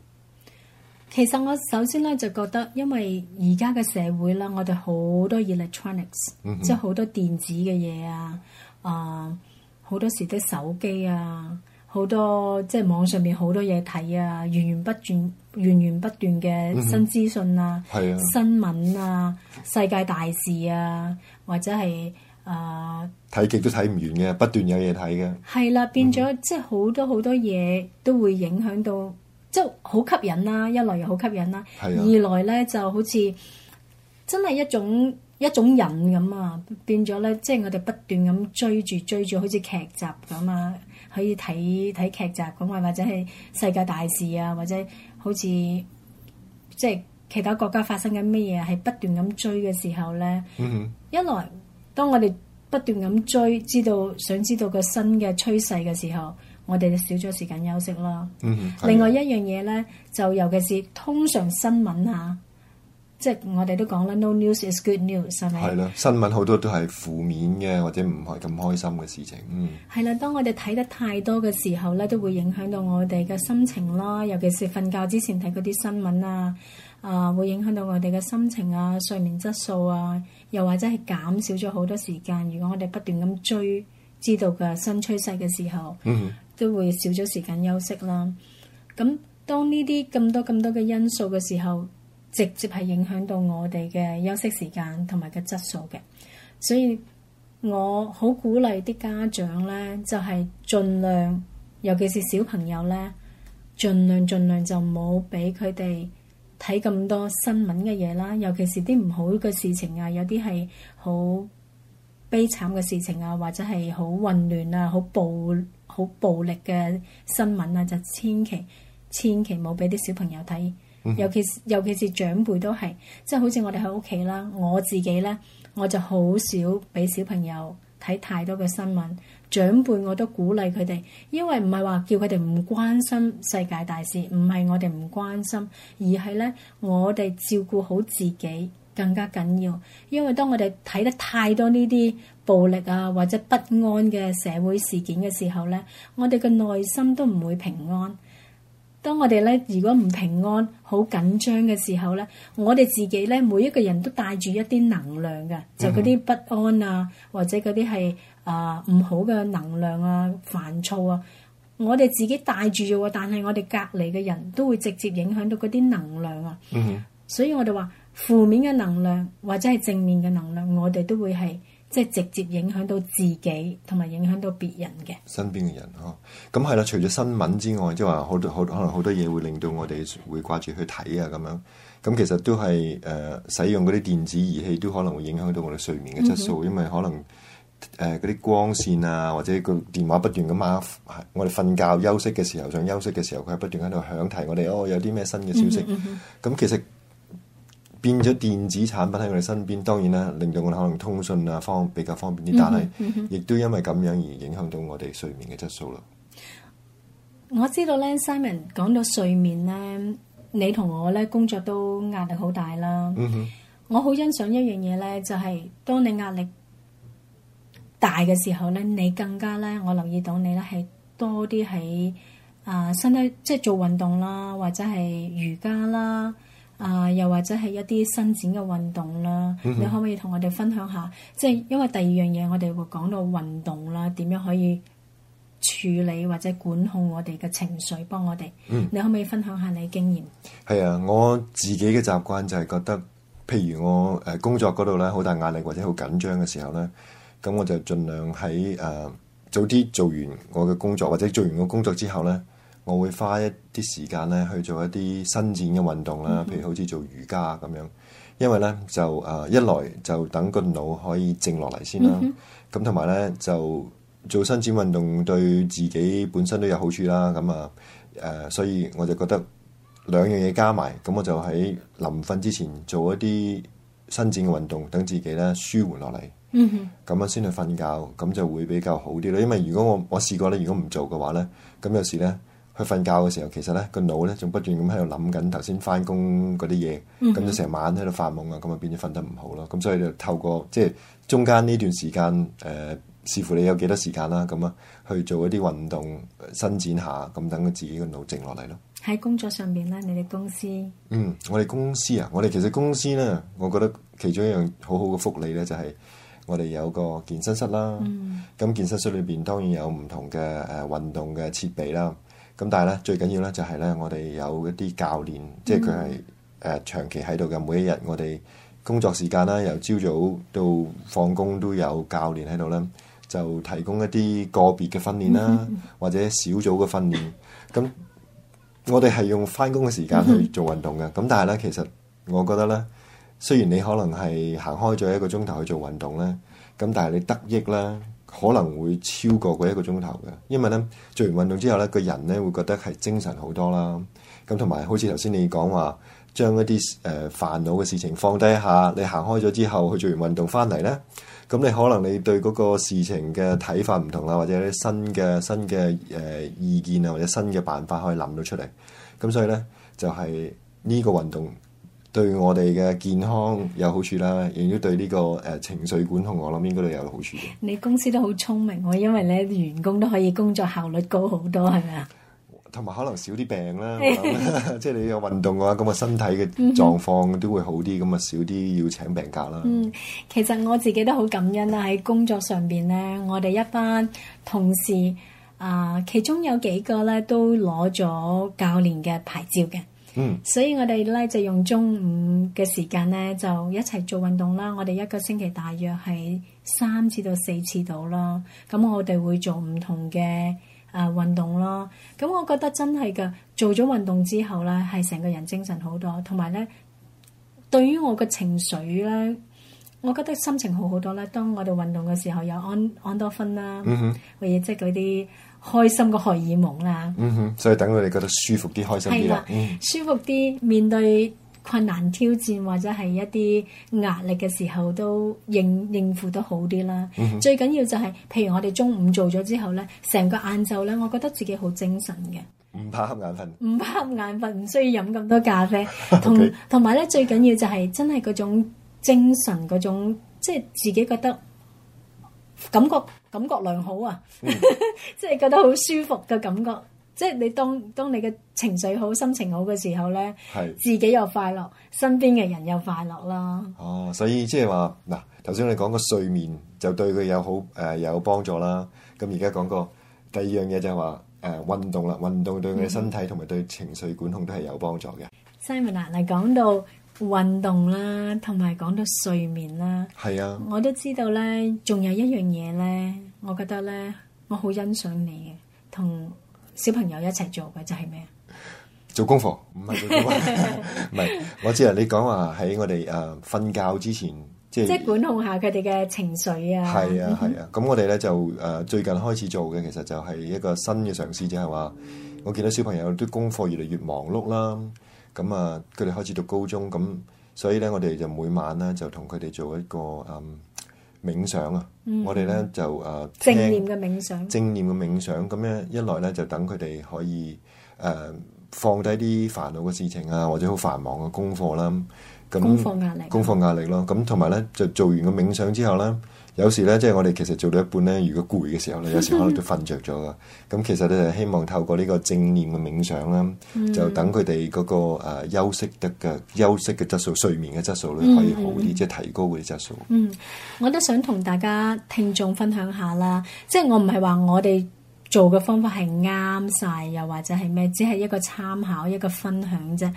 其實我首先咧就覺得，因為而家嘅社會啦，我哋好多 electronics，嗯哼，即係好多電子嘅嘢啊，呃、啊，好多時啲手機啊，好多即係網上面好多嘢睇啊，源源不斷。源源不斷嘅新資訊啊，嗯、啊新聞啊，世界大事啊，或者係啊，睇、呃、極都睇唔完嘅，不斷有嘢睇嘅。係啦、啊，變咗即係好多好多嘢都會影響到，即係好吸引啦、啊，一來又好吸引啦、啊，啊、二來咧就好似真係一種一種人咁啊，變咗咧，即、就、係、係、我哋不斷咁追住追住，好似劇集咁啊，可以睇睇劇集咁啊，或者係世界大事啊，或者、啊、～或者好似即係其他國家發生緊咩嘢，係不斷咁追嘅時候呢，mm hmm. 一來當我哋不斷咁追，知道想知道個新嘅趨勢嘅時候，我哋就少咗時間休息咯。Mm hmm. 另外一樣嘢呢，就尤其是通常新聞啊。即係我哋都講啦，no news is good news，係咪？係咯，新聞好多都係負面嘅，或者唔係咁開心嘅事情。係、嗯、啦，當我哋睇得太多嘅時候咧，都會影響到我哋嘅心情啦。尤其是瞓覺之前睇嗰啲新聞啊，啊、呃，會影響到我哋嘅心情啊、睡眠質素啊，又或者係減少咗好多時間。如果我哋不斷咁追知道嘅新趨勢嘅時候，嗯，都會少咗時間休息啦。咁、嗯嗯、當呢啲咁多咁多嘅因素嘅時候。直接係影響到我哋嘅休息時間同埋個質素嘅，所以我好鼓勵啲家長呢，就係儘量，尤其是小朋友呢，儘量儘量就唔好俾佢哋睇咁多新聞嘅嘢啦，尤其是啲唔好嘅事情啊，有啲係好悲慘嘅事情啊，或者係好混亂啊、好暴、好暴力嘅新聞啊，就千祈千祈唔好俾啲小朋友睇。尤其是尤其是長輩都係，即係好似我哋喺屋企啦，我自己咧，我就好少俾小朋友睇太多嘅新聞。長輩我都鼓勵佢哋，因為唔係話叫佢哋唔關心世界大事，唔係我哋唔關心，而係咧，我哋照顧好自己更加緊要。因為當我哋睇得太多呢啲暴力啊，或者不安嘅社會事件嘅時候咧，我哋嘅內心都唔會平安。當我哋咧，如果唔平安、好緊張嘅時候咧，我哋自己咧，每一個人都帶住一啲能量嘅，就嗰啲不安啊，或者嗰啲係啊唔好嘅能量啊、煩躁啊，我哋自己帶住嘅，但係我哋隔離嘅人都會直接影響到嗰啲能量啊。嗯哼。所以我哋話負面嘅能量或者係正面嘅能量，我哋都會係。即係直接影響到自己同埋影響到別人嘅身邊嘅人嗬，咁係啦。除咗新聞之外，即係話好多好多可能好多嘢會令到我哋會掛住去睇啊，咁樣。咁其實都係誒、呃、使用嗰啲電子儀器都可能會影響到我哋睡眠嘅質素，mm hmm. 因為可能誒嗰啲光線啊或者個電話不斷咁鳩，我哋瞓覺休息嘅時候，想休息嘅時候，佢係不斷喺度響提我哋哦有啲咩新嘅消息。咁、mm hmm. 其實。變咗電子產品喺我哋身邊，當然啦，令到我哋可能通訊啊，方比較方便啲，但係亦都因為咁樣而影響到我哋睡眠嘅質素啦。我知道咧，Simon 講到睡眠咧，你同我咧工作都壓力好大啦。嗯、哼我好欣賞一樣嘢咧，就係、是、當你壓力大嘅時候咧，你更加咧我留意到你咧係多啲喺啊身體即係做運動啦，或者係瑜伽啦。啊、呃，又或者係一啲伸展嘅運動啦，嗯、哼你可唔可以同我哋分享下？即係因為第二樣嘢，我哋會講到運動啦，點樣可以處理或者管控我哋嘅情緒，幫我哋？嗯、你可唔可以分享下你經驗？係啊，我自己嘅習慣就係覺得，譬如我誒工作嗰度咧，好大壓力或者好緊張嘅時候咧，咁我就儘量喺誒、呃、早啲做完我嘅工作，或者做完個工作之後咧。我會花一啲時間咧去做一啲伸展嘅運動啦，mm hmm. 譬如好似做瑜伽咁樣，因為咧就誒、呃、一來就等個腦可以靜落嚟先啦，咁同埋咧就做伸展運動對自己本身都有好處啦。咁啊誒、呃，所以我就覺得兩樣嘢加埋，咁我就喺臨瞓之前做一啲伸展嘅運動，等自己咧舒緩落嚟，mm hmm. 咁樣先去瞓覺，咁就會比較好啲咯。因為如果我我試過咧，如果唔做嘅話咧，咁有時咧。佢瞓覺嘅時候，其實咧個腦咧仲不斷咁喺度諗緊頭先翻工嗰啲嘢，咁、mm hmm. 就，晚就成晚喺度發夢啊，咁啊變咗瞓得唔好咯。咁所以就透過即係中間呢段時間，誒、呃、視乎你有幾多時間啦、啊，咁啊去做一啲運動伸展下，咁等佢自己個腦靜落嚟咯。喺工作上面咧，你哋公司嗯，我哋公司啊，我哋其實公司咧，我覺得其中一樣好好嘅福利咧，就係、是、我哋有個健身室啦。嗯、mm，咁、hmm. 健身室裏邊當然有唔同嘅誒運動嘅設備啦。咁但係咧，最緊要咧就係咧，我哋有一啲教練，嗯、即係佢係誒長期喺度嘅。每一日我哋工作時間啦，由朝早到放工都有教練喺度咧，就提供一啲個別嘅訓練啦，或者小組嘅訓練。咁、嗯、我哋係用翻工嘅時間去做運動嘅。咁、嗯、但係咧，其實我覺得咧，雖然你可能係行開咗一個鐘頭去做運動咧，咁但係你得益啦。可能會超過嗰一個鐘頭嘅，因為咧做完運動之後咧，個人咧會覺得係精神好多啦。咁同埋好似頭先你講話，將一啲誒、呃、煩惱嘅事情放低下，你行開咗之後去做完運動翻嚟咧，咁你可能你對嗰個事情嘅睇法唔同啦，呃，或者新嘅新嘅誒意見啊，或者新嘅辦法可以諗到出嚟。咁所以咧就係、是、呢個運動。對我哋嘅健康有好處啦，亦都對呢、這個誒、呃、情緒管控，我諗應該都有好處。你公司都好聰明喎，因為咧員工都可以工作效率高好多，係咪啊？同埋可能少啲病啦，即係、 就是、你有運動嘅話，咁啊身體嘅狀況都會好啲，咁啊 少啲要請病假啦。嗯，其實我自己都好感恩啦，喺工作上邊咧，我哋一班同事啊、呃，其中有幾個咧都攞咗教練嘅牌照嘅。嗯，mm hmm. 所以我哋咧就用中午嘅時間咧，就一齊做運動啦。我哋一個星期大約係三次到四次度啦。咁我哋會做唔同嘅啊運動咯。咁我覺得真係㗎，做咗運動之後咧，係成個人精神好多，同埋咧，對於我嘅情緒咧，我覺得心情好好多啦。當我哋運動嘅時候，有安安多芬啦，mm hmm. 或者即係嗰啲。開心個荷爾蒙啦，嗯，所以等佢哋覺得舒服啲、開心啲啦。吧嗯、舒服啲，面對困難挑戰或者係一啲壓力嘅時候，都應應付得好啲啦。嗯、哼最緊要就係，譬如我哋中午做咗之後咧，成個晏晝咧，我覺得自己好精神嘅，唔怕瞌眼瞓，唔怕瞌眼瞓，唔需要飲咁多咖啡。同同埋咧，最緊要就係真係嗰種精神嗰種，即係自己覺得感覺。感覺良好啊，嗯、 即係覺得好舒服嘅感覺。即係你當當你嘅情緒好、心情好嘅時候咧，是自己又快樂，身邊嘅人又快樂啦。哦，所以即係話嗱，頭先你講個睡眠就對佢有好誒、呃、有幫助啦。咁而家講個第二樣嘢就係話誒運動啦，運動對佢嘅身體同埋對情緒管控都係有幫助嘅。Simon、嗯、啊，你講到。運動啦，同埋講到睡眠啦，係啊，我都知道咧，仲有一樣嘢咧，我覺得咧，我好欣賞你嘅，同小朋友一齊做嘅就係咩啊？做功課唔係做功課，唔係 我知啊！你講話喺我哋誒瞓覺之前，即係即係管控下佢哋嘅情緒啊！係啊係啊！咁、啊啊、我哋咧就誒、呃、最近開始做嘅，其實就係一個新嘅嘗試，即係話我見到小朋友啲功課越嚟越忙碌啦。咁啊，佢哋開始讀高中，咁所以咧，我哋就每晚咧就同佢哋做一個嗯冥想啊。我哋咧就誒正念嘅冥想，嗯、正念嘅冥想。咁樣一來咧，就等佢哋可以誒放低啲煩惱嘅事情啊，或者好繁忙嘅功課啦。咁功、啊、功課壓力，功課壓力咯。咁同埋咧，就做完個冥想之後咧。有時咧，即係我哋其實做到一半咧，如果攰嘅時候咧，有時可能都瞓着咗噶。咁、嗯、其實咧，希望透過呢個正念嘅冥想啦，就等佢哋嗰個、呃、休息得嘅休息嘅質素、睡眠嘅質素咧，可以好啲，嗯、即係提高嗰啲質素。嗯，我都想同大家聽眾分享下啦，即係我唔係話我哋做嘅方法係啱晒，又或者係咩，只係一個參考、一個分享啫。嗯、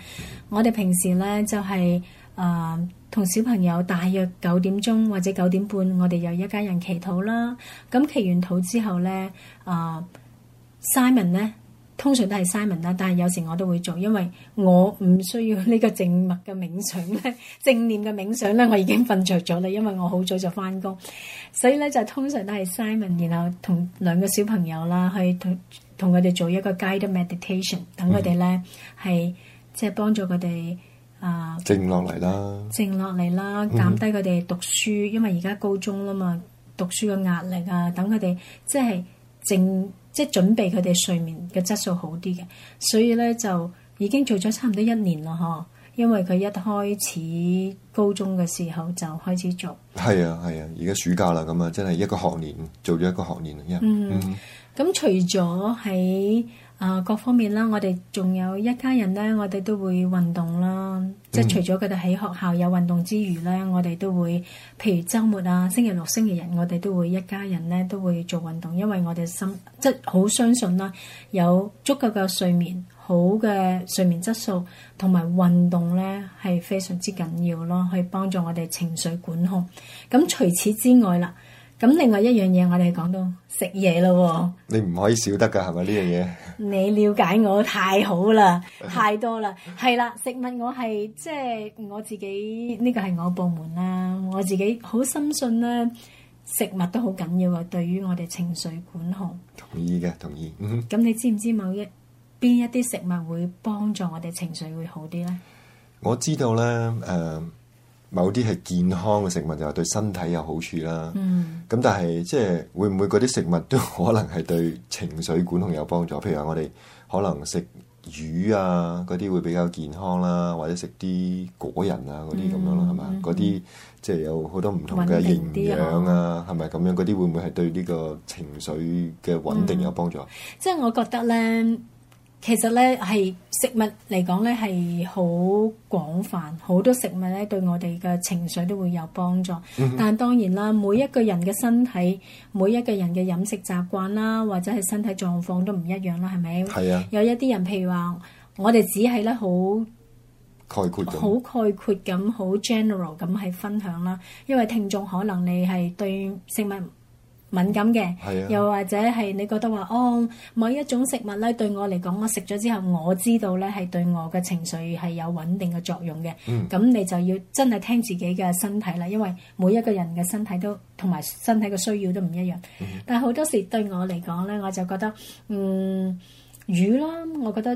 我哋平時咧就係、是。啊，uh, 同小朋友大約九點鐘或者九點半，我哋又一家人祈禱啦。咁祈完禱之後咧，啊、uh，Simon 咧通常都係 Simon 啦，但係有時我都會做，因為我唔需要呢個靜默嘅冥想咧， 靜念嘅冥想咧，我已經瞓着咗啦，因為我好早就翻工，所以咧就通常都係 Simon，然後同兩個小朋友啦，去同同佢哋做一個 guided meditation，等佢哋咧係即係幫助佢哋。靜落嚟啦，靜落嚟啦，減低佢哋讀書，嗯、因為而家高中啦嘛，讀書嘅壓力啊，等佢哋即係靜，即係準備佢哋睡眠嘅質素好啲嘅，所以咧就已經做咗差唔多一年啦，嗬，因為佢一開始高中嘅時候就開始做。係啊係啊，而家、啊、暑假啦，咁啊，真係一個學年做咗一個學年。一學年嗯，咁、嗯嗯、除咗喺。啊，uh, 各方面啦，我哋仲有一家人呢，我哋都會運動啦。嗯、即係除咗佢哋喺學校有運動之餘呢，我哋都會譬如周末啊、星期六、星期日，我哋都會一家人呢都會做運動，因為我哋心即係好相信啦，有足夠嘅睡眠、好嘅睡眠質素同埋運動呢，係非常之緊要咯，可以幫助我哋情緒管控。咁除此之外啦。咁另外一樣嘢，我哋講到食嘢咯喎，你唔可以少得㗎，係咪呢樣嘢？ 你了解我太好啦，太多啦，係啦， 食物我係即係我自己呢個係我部門啦、啊，我自己好深信啦、啊，食物都好緊要嘅、啊，對於我哋情緒管控。同意嘅，同意。咁 你知唔知某一邊一啲食物會幫助我哋情緒會好啲呢？我知道咧，誒、呃。某啲係健康嘅食物，就係、是、對身體有好處啦。咁、嗯、但係即係會唔會嗰啲食物都可能係對情緒管控有幫助？譬如話我哋可能食魚啊嗰啲會比較健康啦，或者食啲果仁啊嗰啲咁樣啦，係嘛、嗯？嗰啲即係有好多唔同嘅營養啊，係咪咁樣？嗰啲會唔會係對呢個情緒嘅穩定有幫助？嗯嗯、即係我覺得呢。其實呢，係食物嚟講呢係好廣泛，好多食物呢，對我哋嘅情緒都會有幫助。但當然啦，每一個人嘅身體，每一個人嘅飲食習慣啦，或者係身體狀況都唔一樣啦，係咪？係啊。有一啲人，譬如話，我哋只係咧好概括，好概括咁，好 general 咁去分享啦。因為聽眾可能你係對食物敏感嘅，的又或者係你覺得話哦，某一種食物呢，對我嚟講，我食咗之後，我知道呢係對我嘅情緒係有穩定嘅作用嘅。咁、嗯、你就要真係聽自己嘅身體啦，因為每一個人嘅身體都同埋身體嘅需要都唔一樣。嗯、但係好多時對我嚟講呢，我就覺得嗯、魚啦，我覺得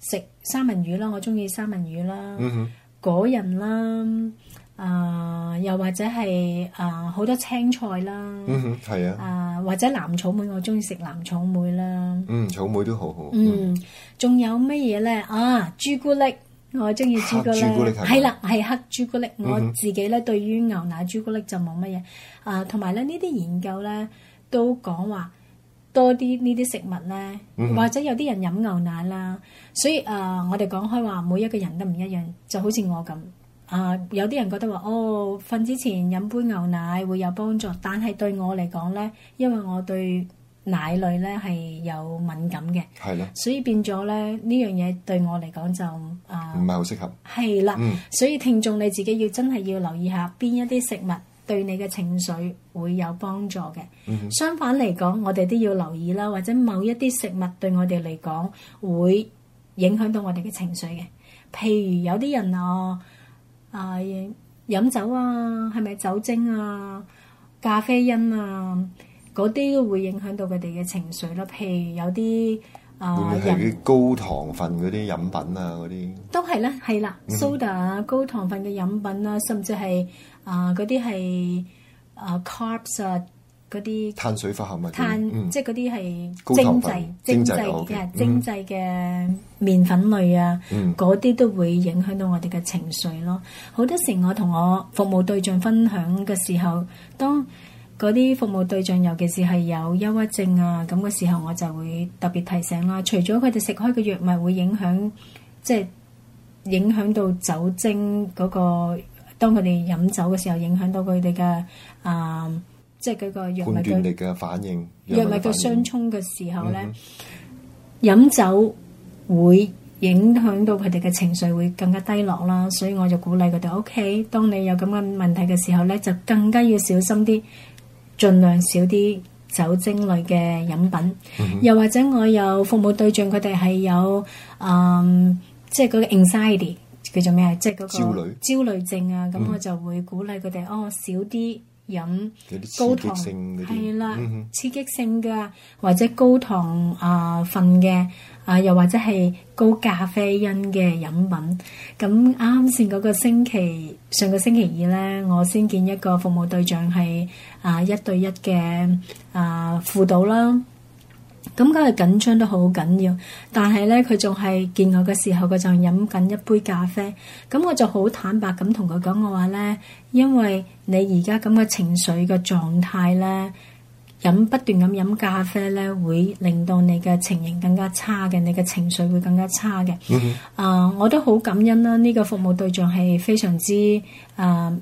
食三文魚啦，我中意三文魚啦，果仁、嗯、哼啦。啊、呃，又或者係啊，好、呃、多青菜啦。嗯哼，係啊。啊、呃，或者藍草莓，我中意食藍草莓啦。嗯，草莓都好好。嗯，仲、嗯、有乜嘢咧？啊，朱古力，我中意朱古力。黑朱古力係。係啦，係黑朱古力。嗯、哼我自己咧，對於牛奶朱古力就冇乜嘢。啊、呃，同埋咧，呢啲研究咧都講話多啲呢啲食物咧，嗯、哼或者有啲人飲牛奶啦。所以啊、呃，我哋講開話，每一個人都唔一樣，就好似我咁。啊！Uh, 有啲人覺得話哦，瞓之前飲杯牛奶會有幫助，但係對我嚟講呢，因為我對奶類咧係有敏感嘅，係啦。所以變咗咧呢樣嘢對我嚟講就啊，唔係好適合係啦的。嗯，所以聽眾你自己要真係要留意下邊一啲食物對你嘅情緒會有幫助嘅。嗯哼，相反嚟講，我哋都要留意啦，或者某一啲食物對我哋嚟講會影響到我哋嘅情緒嘅。譬如有啲人啊。啊、呃！飲酒啊，係咪酒精啊、咖啡因啊，嗰啲都會影響到佢哋嘅情緒咯、啊。譬如有啲啊，呃、會唔會係啲高糖分嗰啲飲品啊？嗰啲都係咧，係啦，soda 啊， 高糖分嘅飲品啊，甚至係啊嗰、呃、啲係啊、呃、carbs 啊。啲碳水化合物炭，碳、嗯、即係嗰啲係精製、精製嘅精製嘅麵粉類啊，嗰啲、嗯、都會影響到我哋嘅情緒咯。好多時我同我服務對象分享嘅時候，當嗰啲服務對象尤其是係有憂鬱症啊咁嘅時候，我就會特別提醒啦、啊。除咗佢哋食開嘅藥物會影響，即、就、係、是、影響到酒精嗰、那個，當佢哋飲酒嘅時候影響，影響到佢哋嘅啊。呃呃呃呃即係嗰個藥物嘅藥物嘅相沖嘅時候咧，飲、嗯、哼酒會影響到佢哋嘅情緒會更加低落啦，所以我就鼓勵佢哋。O、okay, K，當你有咁嘅問題嘅時候咧，就更加要小心啲，盡量少啲酒精類嘅飲品。嗯、哼又或者我有服務對象，佢哋係有嗯即係嗰個 anxiety 叫做咩啊？即係嗰個焦慮焦慮症啊，咁我就會鼓勵佢哋哦，少啲。飲高糖係啦，刺激性嘅或者高糖啊份嘅啊，又或者係高咖啡因嘅飲品。咁啱啱先嗰個星期，上個星期二咧，我先見一個服務對象係啊、呃、一對一嘅啊輔導啦。咁梗係緊張到好緊要，但係咧佢仲係見我嘅時候，佢就飲緊一杯咖啡。咁我就好坦白咁同佢講我話咧，因為你而家咁嘅情緒嘅狀態咧，飲不斷咁飲咖啡咧，會令到你嘅情形更加差嘅，你嘅情緒會更加差嘅。啊、mm hmm. 呃，我都好感恩啦，呢個服務對象係非常之啊。呃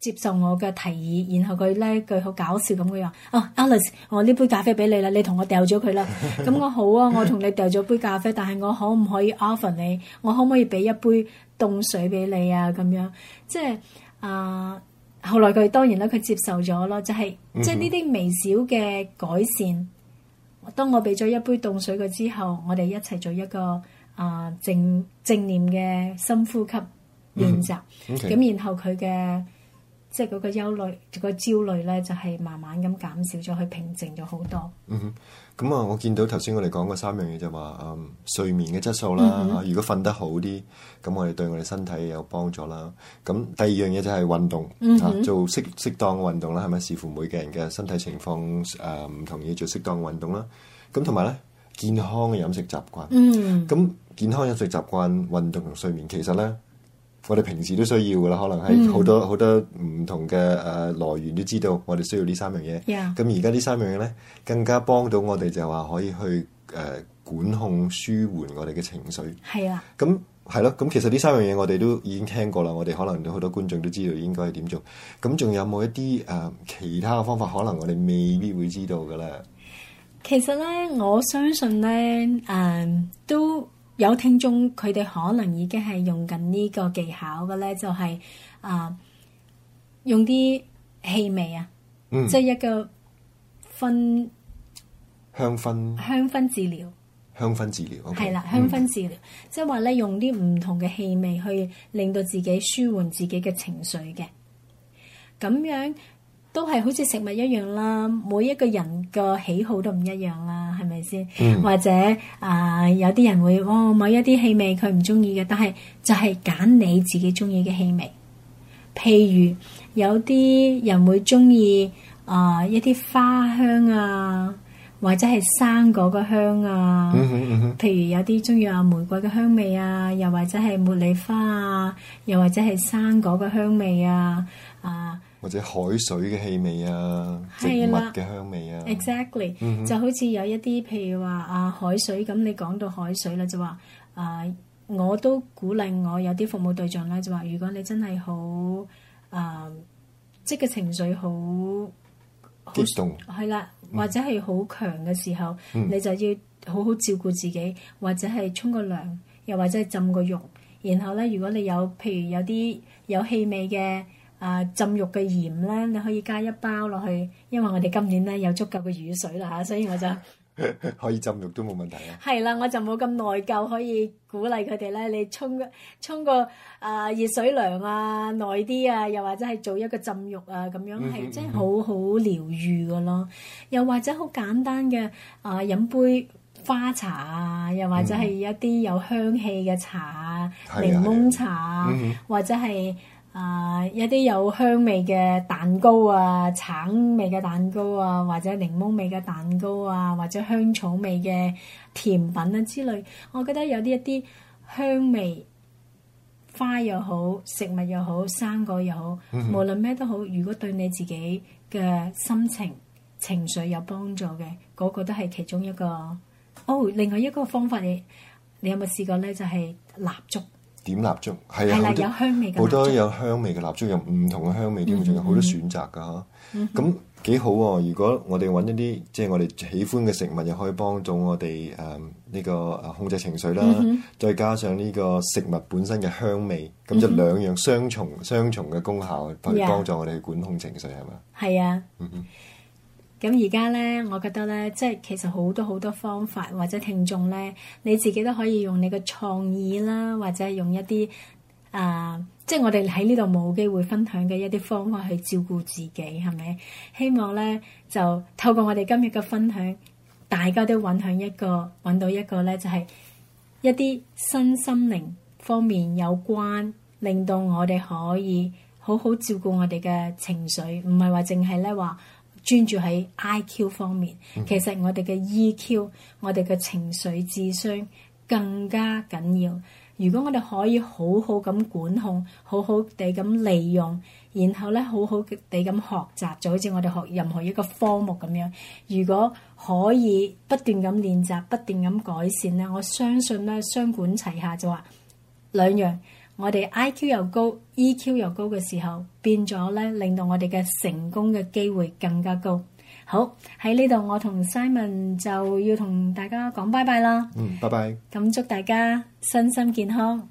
接受我嘅提議，然後佢咧佢好搞笑咁佢話，哦、oh,，Alice，我呢杯咖啡俾你啦，你同我掉咗佢啦。咁 我好啊，我同你掉咗杯咖啡，但係我可唔可以 offer 你？我可唔可以俾一杯凍水俾你啊？咁樣即係啊、呃，後來佢當然啦，佢接受咗咯。就係即係呢啲微小嘅改善。Mm hmm. 當我俾咗一杯凍水佢之後，我哋一齊做一個啊、呃、正正念嘅深呼吸練習。咁、mm hmm. okay. 然後佢嘅。即係嗰個憂慮，個焦慮咧，就係慢慢咁減少咗，佢平靜咗好多。嗯哼，咁啊，我見到頭先我哋講過三樣嘢就話，嗯，睡眠嘅質素啦，如果瞓得好啲，咁我哋對我哋身體有幫助啦。咁第二樣嘢就係運動，吓做適適當嘅運動啦，係咪？視乎每個人嘅身體情況，誒唔同要做適當運動啦。咁同埋咧，健康嘅飲食習慣。嗯，咁健康飲食習慣、運動同睡眠，其實咧，我哋平時都需要噶啦，可能係好多好、mm. 多唔同嘅誒來源都知道，我哋需要三 Yeah. 三呢三樣嘢。咁而家呢三樣嘢咧，更加幫到我哋就係話可以去誒管控舒緩我哋嘅情緒。係啊 Yeah.，咁係咯，咁其實呢三樣嘢我哋都已經聽過啦，我哋可能好多觀眾都知道應該係點做。咁仲有冇一啲誒、呃、其他嘅方法？可能我哋未必會知道噶啦。其實咧，我相信咧，誒、嗯、都。有聽眾，佢哋可能已經係用緊呢個技巧嘅咧，就係、是、啊、呃，用啲氣味啊，即係、嗯、一個分香薰分香薰治療，香薰治療，係、okay，啦，香薰治療，即係話咧，用啲唔同嘅氣味去令到自己舒緩自己嘅情緒嘅，咁樣。都係好似食物一樣啦，每一個人嘅喜好都唔一樣啦，係咪先？Mm hmm. 或者啊、呃，有啲人會哦，某一啲氣味佢唔中意嘅，但係就係揀你自己中意嘅氣味。譬如有啲人會中意啊一啲花香啊，或者係生果嘅香啊。譬、mm hmm. 如有啲中意啊玫瑰嘅香味啊，又或者係茉莉花啊，又或者係生果嘅香味啊，啊。或者海水嘅氣味啊，的植物嘅香味啊，exactly、嗯、哼就好似有一啲，譬如話啊海水咁，你講到海水喇，就話啊，我都鼓勵我有啲服務對象喇，就話如果你真係好啊，即、就、嘅、是、情緒好，好激動，係啦，或者係好強嘅時候，嗯、你就要好好照顧自己，或者係沖個涼，又或者係浸個浴，然後咧，如果你有譬如有啲有氣味嘅。啊！Uh, 浸浴嘅鹽咧，你可以加一包落去，因為我哋今年咧有足夠嘅雨水啦嚇，所以我就 可以浸浴都冇問題啊。係啦，我就冇咁內疚，可以鼓勵佢哋咧，你沖，沖個沖個啊熱水涼啊耐啲啊，又或者係做一個浸浴啊咁樣，係、mm hmm. 真係好好療愈嘅咯。又或者好簡單嘅啊、呃，飲杯花茶啊，又或者係一啲有香氣嘅茶啊，mm hmm. 檸檬茶啊，mm hmm. 或者係。啊！有啲、uh, 有,有香味嘅蛋糕啊，橙味嘅蛋糕啊，或者檸檬味嘅蛋糕啊，或者香草味嘅甜品啊之類，我覺得有啲一啲香味，花又好，食物又好，生果又好，mm hmm. 無論咩都好，如果對你自己嘅心情情緒有幫助嘅，嗰、那個都係其中一個。哦、oh，另外一個方法你你有冇試過呢？就係、是、蠟燭。點蠟燭係好的多，好多有香味嘅蠟燭，有唔同嘅香味添，仲有好多選擇㗎。咁幾好喎、啊！如果我哋揾一啲即係我哋喜歡嘅食物，又可以幫助我哋誒呢個控制情緒啦。Mm hmm. 再加上呢個食物本身嘅香味，咁、mm hmm. 就兩樣雙重雙重嘅功效，去幫助我哋去管控情緒係咪啊？係啊。咁而家咧，我覺得咧，即係其實好多好多方法或者聽眾咧，你自己都可以用你嘅創意啦，或者用一啲啊、呃，即係我哋喺呢度冇機會分享嘅一啲方法去照顧自己，係咪？希望咧就透過我哋今日嘅分享，大家都揾響一個揾到一個咧，個就係一啲身心靈方面有關，令到我哋可以好好照顧我哋嘅情緒，唔係話淨係咧話。專注喺 IQ 方面，其實我哋嘅 EQ，我哋嘅情緒智商更加緊要。如果我哋可以好好咁管控，好好地咁利用，然後咧好好地咁學習，就好似我哋學任何一個科目咁樣。如果可以不斷咁練習，不斷咁改善咧，我相信咧雙管齊下就話兩樣。我哋 IQ 又高，EQ 又高嘅時候，變咗咧，令到我哋嘅成功嘅機會更加高。好，喺呢度，我同 Simon 就要同大家講拜拜啦。嗯，拜拜。咁祝大家身心健康。